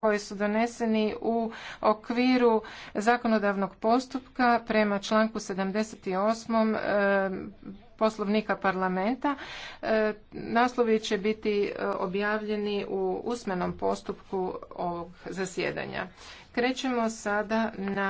koji su doneseni u okviru zakonodavnog postupka prema članku 78. E, poslovnika parlamenta. E, naslovi će biti e, objavljeni u usmenom postupku ovog zasjedanja. Krećemo sada na